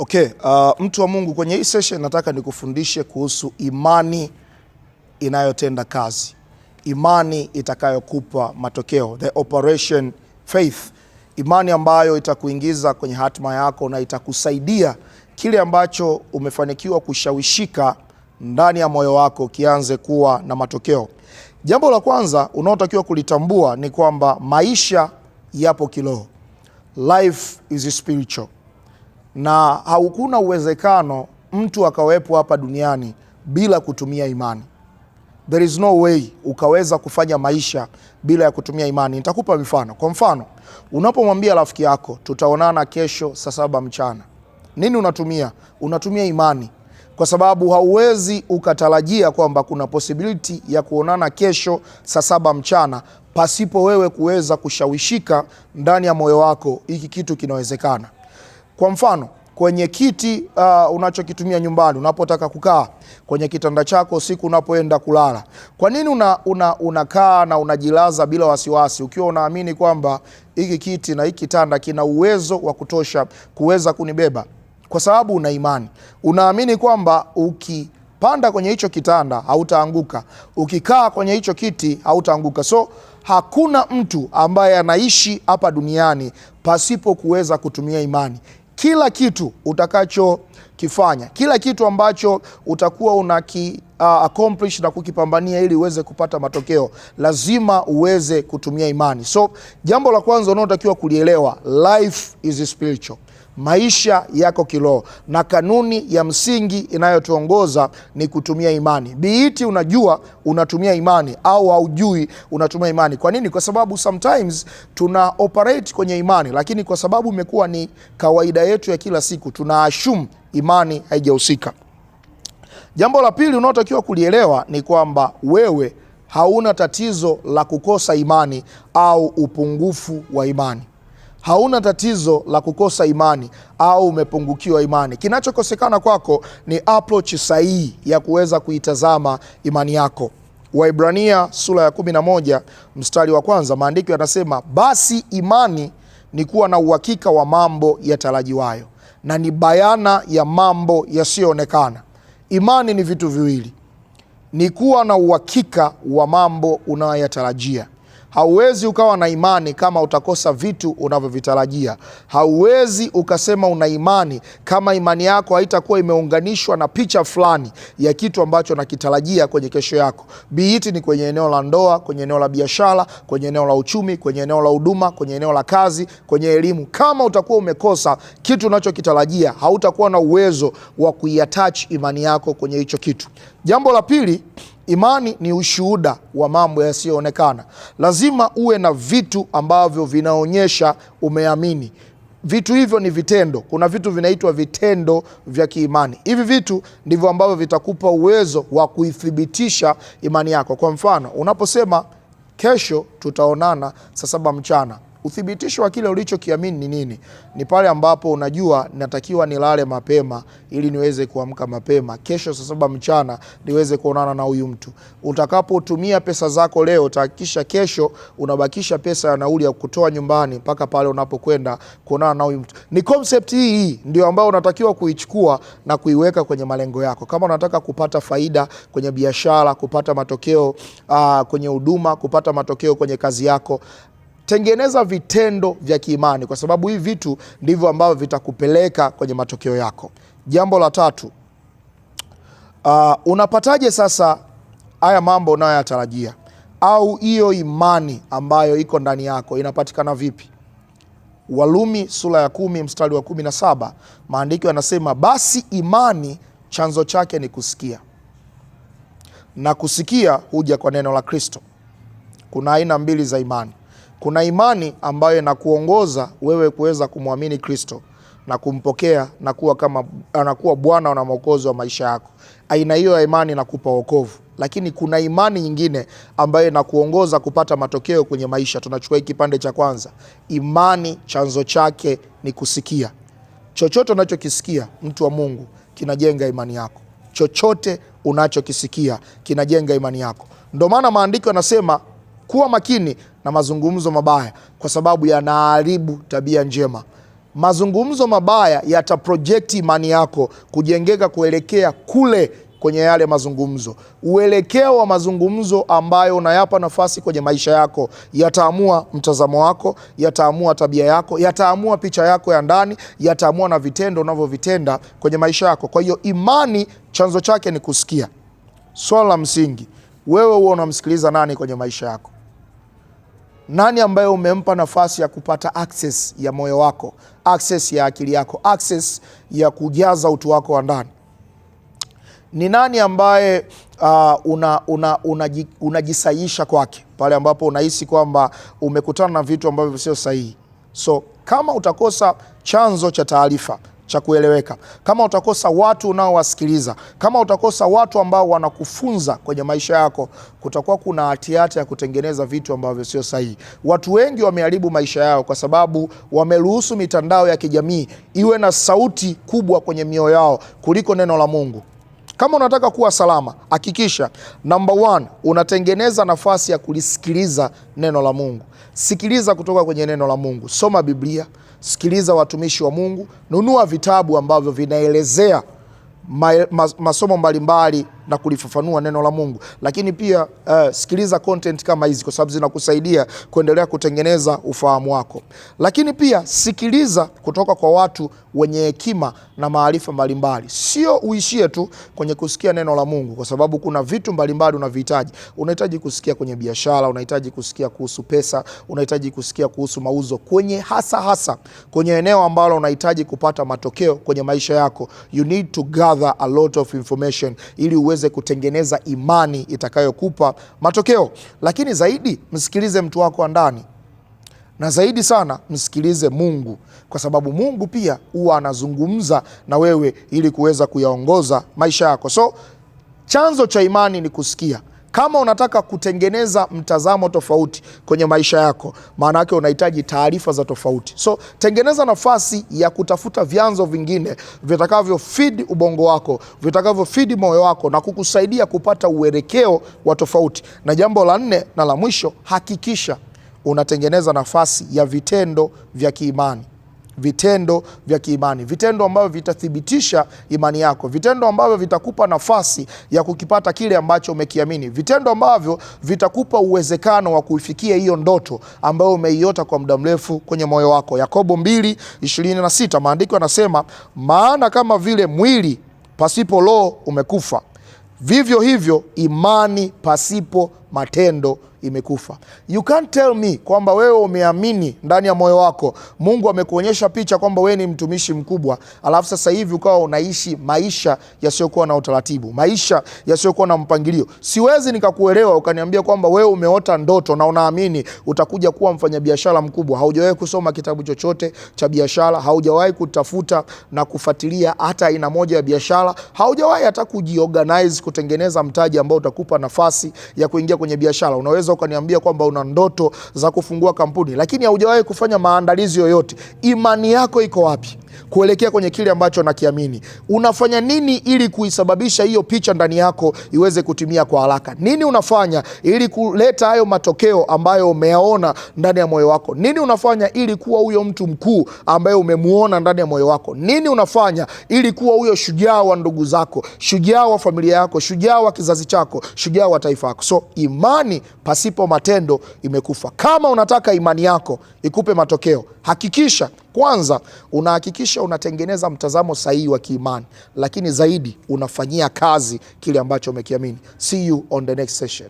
Okay, uh, mtu wa Mungu, kwenye hii session nataka nikufundishe kuhusu imani inayotenda kazi, imani itakayokupa matokeo, the operation faith, imani ambayo itakuingiza kwenye hatima yako na itakusaidia kile ambacho umefanikiwa kushawishika ndani ya moyo wako kianze kuwa na matokeo. Jambo la kwanza unaotakiwa kulitambua ni kwamba maisha yapo kiroho, life is spiritual na haukuna uwezekano mtu akawepo hapa duniani bila kutumia imani. There is no way ukaweza kufanya maisha bila ya kutumia imani. Nitakupa mifano. Kwa mfano, unapomwambia rafiki yako tutaonana kesho saa saba mchana, nini unatumia? Unatumia imani, kwa sababu hauwezi ukatarajia kwamba kuna posibiliti ya kuonana kesho saa saba mchana pasipo wewe kuweza kushawishika ndani ya moyo wako, hiki kitu kinawezekana. Kwa mfano kwenye kiti uh, unachokitumia nyumbani unapotaka kukaa, kwenye kitanda chako siku unapoenda kulala. Kwa nini una, una, unakaa na unajilaza bila wasiwasi, ukiwa unaamini kwamba hiki kiti na hiki kitanda kina uwezo wa kutosha kuweza kunibeba? Kwa sababu una imani, unaamini kwamba uki panda kwenye hicho kitanda hautaanguka, ukikaa kwenye hicho kiti hautaanguka. So hakuna mtu ambaye anaishi hapa duniani pasipo kuweza kutumia imani kila kitu utakachokifanya, kila kitu ambacho utakuwa unaki uh, accomplish na kukipambania ili uweze kupata matokeo, lazima uweze kutumia imani. So jambo la kwanza unaotakiwa kulielewa, life is spiritual maisha yako kiroho, na kanuni ya msingi inayotuongoza ni kutumia imani. Biiti unajua unatumia imani au haujui unatumia imani. Kwa nini? Kwa sababu sometimes tuna operate kwenye imani, lakini kwa sababu imekuwa ni kawaida yetu ya kila siku, tuna assume imani haijahusika. Jambo la pili unaotakiwa kulielewa ni kwamba wewe hauna tatizo la kukosa imani au upungufu wa imani hauna tatizo la kukosa imani au umepungukiwa imani. Kinachokosekana kwako ni approach sahihi ya kuweza kuitazama imani yako. Waibrania sura ya 11 mstari wa kwanza, maandiko yanasema basi imani ni kuwa na uhakika wa mambo yatarajiwayo na ni bayana ya mambo yasiyoonekana. Imani ni vitu viwili, ni kuwa na uhakika wa mambo unayoyatarajia Hauwezi ukawa na imani kama utakosa vitu unavyovitarajia. Hauwezi ukasema una imani kama imani yako haitakuwa imeunganishwa na picha fulani ya kitu ambacho nakitarajia kwenye kesho yako, biiti ni kwenye eneo la ndoa, kwenye eneo la biashara, kwenye eneo la uchumi, kwenye eneo la huduma, kwenye eneo la kazi, kwenye elimu. Kama utakuwa umekosa kitu unachokitarajia, hautakuwa na uwezo wa kuiatachi imani yako kwenye hicho kitu. Jambo la pili Imani ni ushuhuda wa mambo yasiyoonekana. Lazima uwe na vitu ambavyo vinaonyesha umeamini. Vitu hivyo ni vitendo. Kuna vitu vinaitwa vitendo vya kiimani. Hivi vitu ndivyo ambavyo vitakupa uwezo wa kuithibitisha imani yako. Kwa mfano, unaposema kesho tutaonana saa saba mchana Uthibitisho wa kile ulichokiamini ni nini? Ni pale ambapo unajua natakiwa nilale mapema ili niweze kuamka mapema kesho saa saba mchana niweze kuonana na huyu mtu. Utakapotumia pesa zako leo, tahakikisha kesho unabakisha pesa ya nauli ya kutoa nyumbani mpaka pale unapokwenda kuonana na huyu mtu. Ni concept hii ndio ambayo unatakiwa kuichukua na kuiweka kwenye malengo yako, kama unataka kupata faida kwenye biashara, kupata matokeo aa, ah, kwenye huduma, kupata matokeo kwenye kazi yako tengeneza vitendo vya kiimani, kwa sababu hivi vitu ndivyo ambavyo vitakupeleka kwenye matokeo yako. Jambo la tatu, uh, unapataje sasa haya mambo unayoyatarajia au hiyo imani ambayo iko ndani yako inapatikana vipi? Walumi sura ya kumi mstari wa kumi na saba maandiko yanasema basi imani chanzo chake ni kusikia na kusikia huja kwa neno la Kristo. Kuna aina mbili za imani. Kuna imani ambayo inakuongoza wewe kuweza kumwamini Kristo na kumpokea na kuwa kama anakuwa Bwana na Mwokozi wa maisha yako. Aina hiyo ya imani inakupa wokovu, lakini kuna imani nyingine ambayo inakuongoza kupata matokeo kwenye maisha. Tunachukua hiki kipande cha kwanza, imani chanzo chake ni kusikia. Chochote unachokisikia mtu wa Mungu kinajenga imani yako, chochote unachokisikia kinajenga imani yako. Ndio maana maandiko yanasema kuwa makini na mazungumzo mabaya, kwa sababu yanaharibu tabia njema. Mazungumzo mabaya yataprojekti imani yako kujengeka kuelekea kule kwenye yale mazungumzo. Uelekeo wa mazungumzo ambayo unayapa nafasi kwenye maisha yako yataamua mtazamo wako, yataamua tabia yako, yataamua picha yako ya ndani, yataamua na vitendo unavyovitenda kwenye maisha yako. Kwa hiyo imani chanzo chake ni kusikia. Swala la msingi, wewe huwa unamsikiliza nani kwenye maisha yako? Nani ambaye umempa nafasi ya kupata access ya moyo wako, access ya akili yako, access ya kujaza utu wako wa ndani? Ni nani ambaye uh, una, una, una kwake pale ambapo unahisi kwamba umekutana na vitu ambavyo sio sahihi? So kama utakosa chanzo cha taarifa cha kueleweka, kama utakosa watu unaowasikiliza, kama utakosa watu ambao wanakufunza kwenye maisha yako, kutakuwa kuna hatihati ya kutengeneza vitu ambavyo sio sahihi. Watu wengi wameharibu maisha yao kwa sababu wameruhusu mitandao ya kijamii iwe na sauti kubwa kwenye mioyo yao kuliko neno la Mungu. Kama unataka kuwa salama, hakikisha number one, unatengeneza nafasi ya kulisikiliza neno la Mungu. Sikiliza kutoka kwenye neno la Mungu, soma Biblia sikiliza watumishi wa Mungu, nunua vitabu ambavyo vinaelezea ma, ma, masomo mbalimbali na kulifafanua neno la Mungu, lakini pia uh, sikiliza content kama hizi kwa sababu zinakusaidia kuendelea kutengeneza ufahamu wako, lakini pia sikiliza kutoka kwa watu wenye hekima na maarifa mbalimbali, sio uishie tu kwenye kusikia neno la Mungu, kwa sababu kuna vitu mbalimbali unavihitaji. Unahitaji kusikia kwenye biashara, unahitaji kusikia kuhusu pesa, unahitaji kusikia kuhusu mauzo, kwenye hasa hasa kwenye eneo ambalo unahitaji kupata matokeo kwenye maisha yako, you need to gather gather a lot of information ili uweze kutengeneza imani itakayokupa matokeo. Lakini zaidi msikilize mtu wako wa ndani, na zaidi sana msikilize Mungu, kwa sababu Mungu pia huwa anazungumza na wewe ili kuweza kuyaongoza maisha yako. So chanzo cha imani ni kusikia. Kama unataka kutengeneza mtazamo tofauti kwenye maisha yako, maana yake unahitaji taarifa za tofauti. So tengeneza nafasi ya kutafuta vyanzo vingine vitakavyo feed ubongo wako, vitakavyo feed moyo wako na kukusaidia kupata uelekeo wa tofauti. Na jambo la nne na la mwisho, hakikisha unatengeneza nafasi ya vitendo vya kiimani vitendo vya kiimani, vitendo ambavyo vitathibitisha imani yako, vitendo ambavyo vitakupa nafasi ya kukipata kile ambacho umekiamini, vitendo ambavyo vitakupa uwezekano wa kuifikia hiyo ndoto ambayo umeiota kwa muda mrefu kwenye moyo wako. Yakobo 2:26 maandiko yanasema, maana kama vile mwili pasipo roho umekufa, vivyo hivyo imani pasipo matendo imekufa. You can't tell me kwamba wewe umeamini ndani ya moyo wako, Mungu amekuonyesha picha kwamba wewe ni mtumishi mkubwa, alafu sasa hivi ukawa unaishi maisha yasiyokuwa na utaratibu, maisha yasiyokuwa na mpangilio. Siwezi nikakuelewa ukaniambia kwamba wewe umeota ndoto na unaamini utakuja kuwa mfanyabiashara mkubwa. Haujawahi kusoma kitabu chochote cha biashara, haujawahi kutafuta na kufuatilia hata aina moja ya biashara, haujawahi hata kujiorganize, kutengeneza mtaji ambao utakupa nafasi ya kuingia kwenye biashara. Unaweza unaweza ukaniambia kwamba una ndoto za kufungua kampuni, lakini haujawahi kufanya maandalizi yoyote, imani yako iko wapi? kuelekea kwenye kile ambacho nakiamini. Unafanya nini ili kuisababisha hiyo picha ndani yako iweze kutimia kwa haraka? Nini unafanya ili kuleta hayo matokeo ambayo umeyaona ndani ya moyo wako? Nini unafanya ili kuwa huyo mtu mkuu ambaye umemuona ndani ya moyo wako? Nini unafanya ili kuwa huyo shujaa wa ndugu zako, shujaa wa familia yako, shujaa wa kizazi chako, shujaa wa taifa yako? So imani pasipo matendo imekufa. Kama unataka imani yako ikupe matokeo, hakikisha kwanza unahakikisha unatengeneza mtazamo sahihi wa kiimani, lakini zaidi unafanyia kazi kile ambacho umekiamini. See you on the next session.